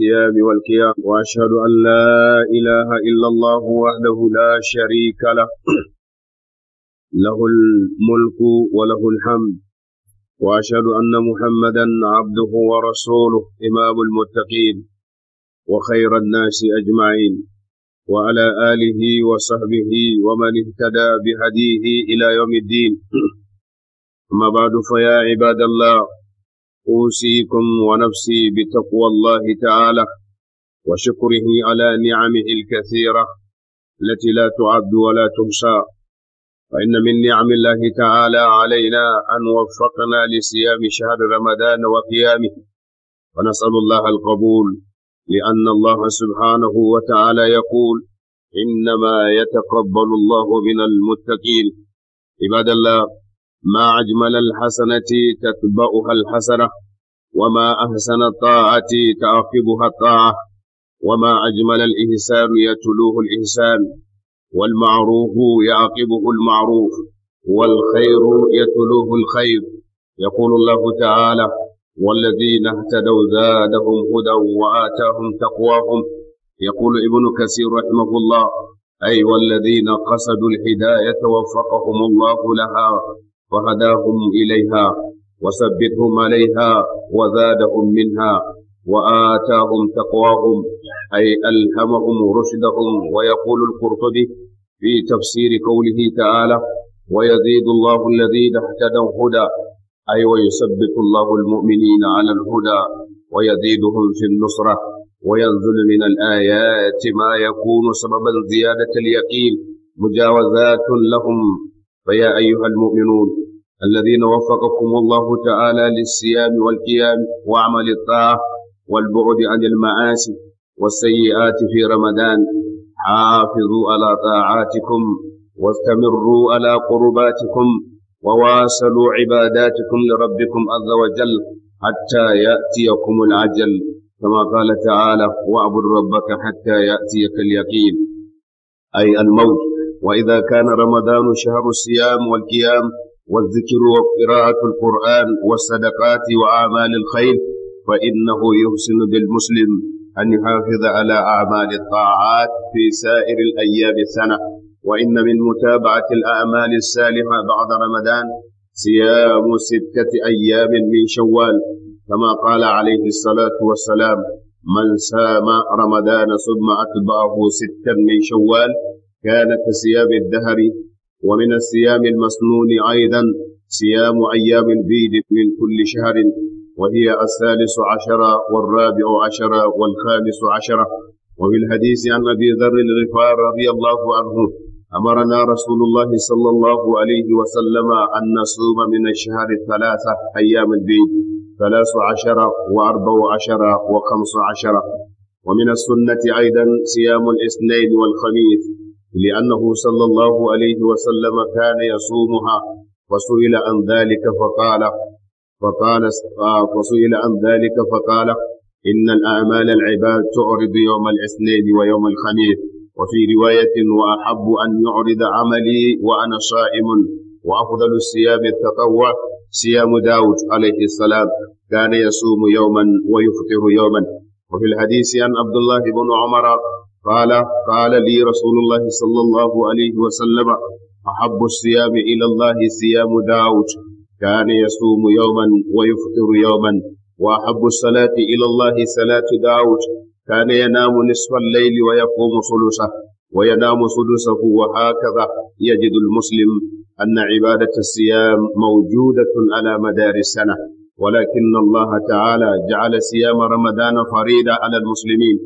والثياب والقيام وأشهد أن لا إله إلا الله وحده لا شريك له له الملك وله الحمد وأشهد أن محمدا عبده ورسوله إمام المتقين وخير الناس أجمعين وعلى آله وصحبه ومن اهتدى بهديه إلى يوم الدين أما بعد فيا عباد الله أوصيكم ونفسي بتقوى الله تعالى وشكره على نعمه الكثيرة التي لا تعد ولا تحصى فإن من نعم الله تعالى علينا أن وفقنا لصيام شهر رمضان وقيامه ونسأل الله القبول لأن الله سبحانه وتعالى يقول إنما يتقبل الله من المتقين عباد الله ما أجمل الحسنة تتبعها الحسنة وما أحسن الطاعة تعقبها الطاعة وما أجمل الإحسان يتلوه الإحسان والمعروف يعقبه المعروف والخير يتلوه الخير يقول الله تعالى والذين اهتدوا زادهم هدى وآتاهم تقواهم يقول ابن كثير رحمه الله أي والذين قصدوا الهداية وفقهم الله لها فهداهم إليها وثبتهم عليها وزادهم منها وآتاهم تقواهم أي ألهمهم رشدهم ويقول القرطبي في تفسير قوله تعالى ويزيد الله الذين اهتدوا هدى أي ويثبت الله المؤمنين على الهدى ويزيدهم في النصرة وينزل من الآيات ما يكون سببا زيادة اليقين مجاوزات لهم فيا أيها المؤمنون الذين وفقكم الله تعالى للصيام والقيام وعمل الطاعة والبعد عن المعاصي والسيئات في رمضان حافظوا على طاعاتكم واستمروا على قرباتكم وواصلوا عباداتكم لربكم عز وجل حتى يأتيكم العجل كما قال تعالى واعبد ربك حتى يأتيك اليقين أي الموت وإذا كان رمضان شهر الصيام والقيام والذكر وقراءة القرآن والصدقات وأعمال الخير فإنه يحسن بالمسلم أن يحافظ على أعمال الطاعات في سائر الأيام السنة وإن من متابعة الأعمال السالمة بعد رمضان صيام ستة أيام من شوال كما قال عليه الصلاة والسلام من سام رمضان ثم أتبعه ستا من شوال كان كصيام الدهر ومن الصيام المسنون أيضا صيام أيام بيد من كل شهر وهي الثالث عشر والرابع عشر والخامس عشر وفي الحديث عن أبي ذر الغفار رضي الله عنه أمرنا رسول الله صلى الله عليه وسلم أن نصوم من الشهر الثلاثة أيام البيت ثلاث عشر وأربع عشر وخمس عشر ومن السنة أيضا صيام الاثنين والخميس لأنه صلى الله عليه وسلم كان يصومها فسئل عن ذلك فقال فقال آه، فسئل عن ذلك فقال إن الأعمال العباد تعرض يوم الاثنين ويوم الخميس وفي رواية وأحب أن يعرض عملي وأنا صائم وأفضل الصيام التطوع صيام داود عليه السلام كان يصوم يوما ويفطر يوما وفي الحديث عن عبد الله بن عمر قال قال لي رسول الله صلى الله عليه وسلم أحب الصيام إلى الله صيام داود كان يصوم يوما ويفطر يوما وأحب الصلاة إلى الله صلاة داود كان ينام نصف الليل ويقوم ثلثه وينام ثلثه وهكذا يجد المسلم أن عبادة الصيام موجودة على مدار السنة ولكن الله تعالى جعل صيام رمضان فريدة على المسلمين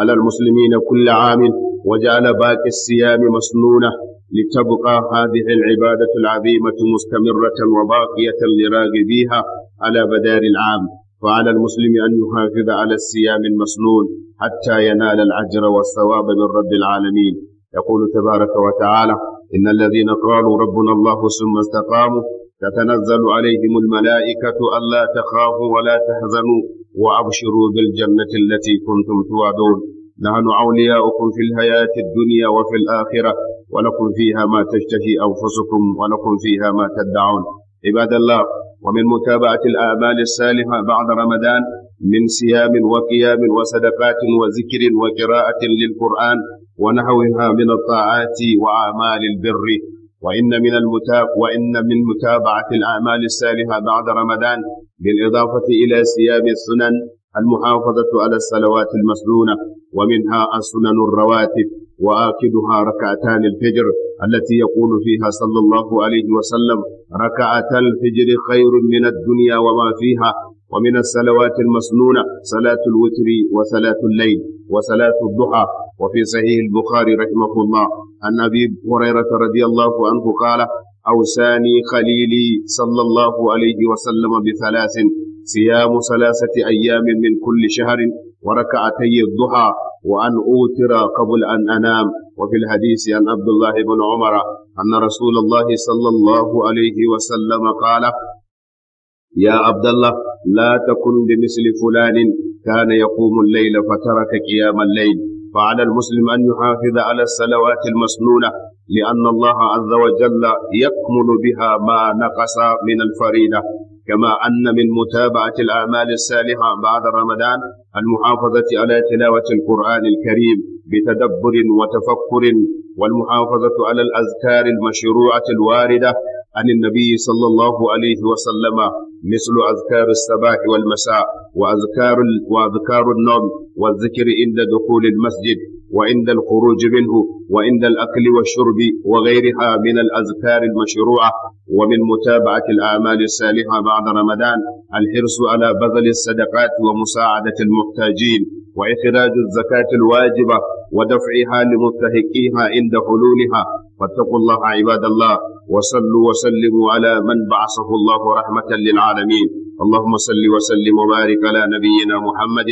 على المسلمين كل عام وجعل باقي الصيام مسنونة لتبقى هذه العبادة العظيمة مستمرة وباقية لراغبيها على بدار العام فعلى المسلم أن يحافظ على الصيام المسنون حتى ينال الأجر والثواب من رب العالمين يقول تبارك وتعالى إن الذين قالوا ربنا الله ثم استقاموا تتنزل عليهم الملائكة ألا تخافوا ولا تحزنوا وأبشروا بالجنة التي كنتم توعدون نحن أولياؤكم في الحياة الدنيا وفي الآخرة ولكم فيها ما تشتهي أنفسكم ولكم فيها ما تدعون عباد الله ومن متابعة الأعمال السالفة بعد رمضان من صيام وقيام وصدقات وذكر وقراءة للقرآن ونحوها من الطاعات وأعمال البر وإن من المتاب وإن من متابعة الأعمال السالفة بعد رمضان بالإضافة إلى سياب السنن المحافظة على الصلوات المسنونة ومنها السنن الرواتب وآكدها ركعتان الفجر التي يقول فيها صلى الله عليه وسلم ركعتا الفجر خير من الدنيا وما فيها ومن الصلوات المسنونة صلاة الوتر وصلاة الليل وصلاة الضحى وفي صحيح البخاري رحمه الله عن أبي هريرة رضي الله عنه قال أوساني خليلي صلى الله عليه وسلم بثلاث صيام ثلاثة أيام من كل شهر وركعتي الضحى وأن أوتر قبل أن أنام وفي الحديث عن عبد الله بن عمر أن رسول الله صلى الله عليه وسلم قال يا عبد الله لا تكن بمثل فلان كان يقوم الليل فترك قيام الليل فعلى المسلم أن يحافظ على الصلوات المسنونة لأن الله عز وجل يكمل بها ما نقص من الفريضة كما أن من متابعة الأعمال الصالحة بعد رمضان المحافظة على تلاوة القرآن الكريم بتدبر وتفكر والمحافظة على الأذكار المشروعة الواردة عن النبي صلى الله عليه وسلم مثل أذكار الصباح والمساء وأذكار وأذكار النوم والذكر عند دخول المسجد وعند الخروج منه وعند الأكل والشرب وغيرها من الأذكار المشروعة ومن متابعة الأعمال الصالحة بعد رمضان الحرص على بذل الصدقات ومساعدة المحتاجين وإخراج الزكاة الواجبة ودفعها لمستحقيها عند حلولها فاتقوا الله عباد الله وصلوا وسلموا على من بعثه الله رحمة للعالمين اللهم صل وسلم وبارك على نبينا محمد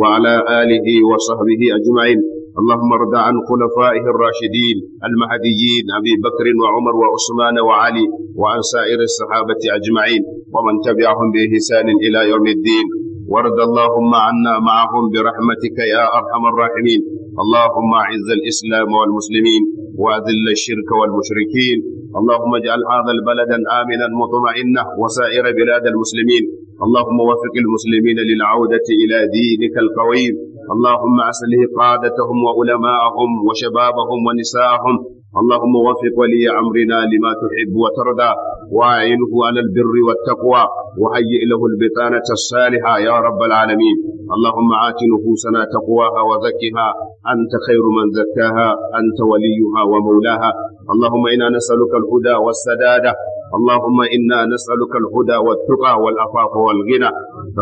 وعلى آله وصحبه أجمعين اللهم ارض عن خلفائه الراشدين المهديين أبي بكر وعمر وعثمان وعلي وعن سائر الصحابة أجمعين ومن تبعهم بإحسان إلى يوم الدين وارض اللهم عنا معهم برحمتك يا أرحم الراحمين اللهم أعز الإسلام والمسلمين وأذل الشرك والمشركين اللهم اجعل هذا البلد آمنا مطمئنا وسائر بلاد المسلمين اللهم وفق المسلمين للعودة إلى دينك القويم اللهم أصلح قادتهم وعلماءهم وشبابهم ونساءهم اللهم وفق ولي أمرنا لما تحب وترضى وأعينه على البر والتقوى وهيئ له البطانة الصالحة يا رب العالمين اللهم آت نفوسنا تقواها وزكها أنت خير من زكاها أنت وليها ومولاها اللهم إنا نسألك الهدى والسدادة اللهم إنا نسألك الهدى والتقى والأفاق والغنى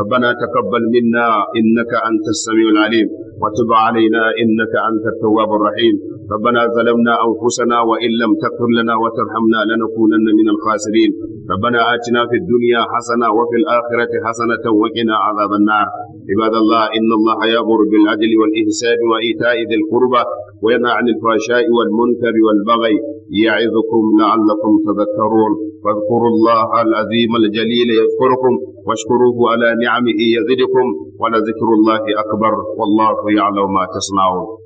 ربنا تقبل منا إنك أنت السميع العليم وتب علينا إنك أنت التواب الرحيم ربنا ظلمنا أنفسنا وإن لم تغفر لنا وترحمنا لنكونن من الخاسرين ربنا آتنا في الدنيا حسنة وفي الآخرة حسنة وقنا عذاب النار عباد الله إن الله يأمر بالعدل والإحسان وإيتاء ذي القربى وينهى عن الفحشاء والمنكر والبغي يعظكم لعلكم تذكرون فاذكروا الله العظيم الجليل يذكركم واشكروه على نعمه يزدكم ولذكر الله أكبر والله يعلم ما تصنعون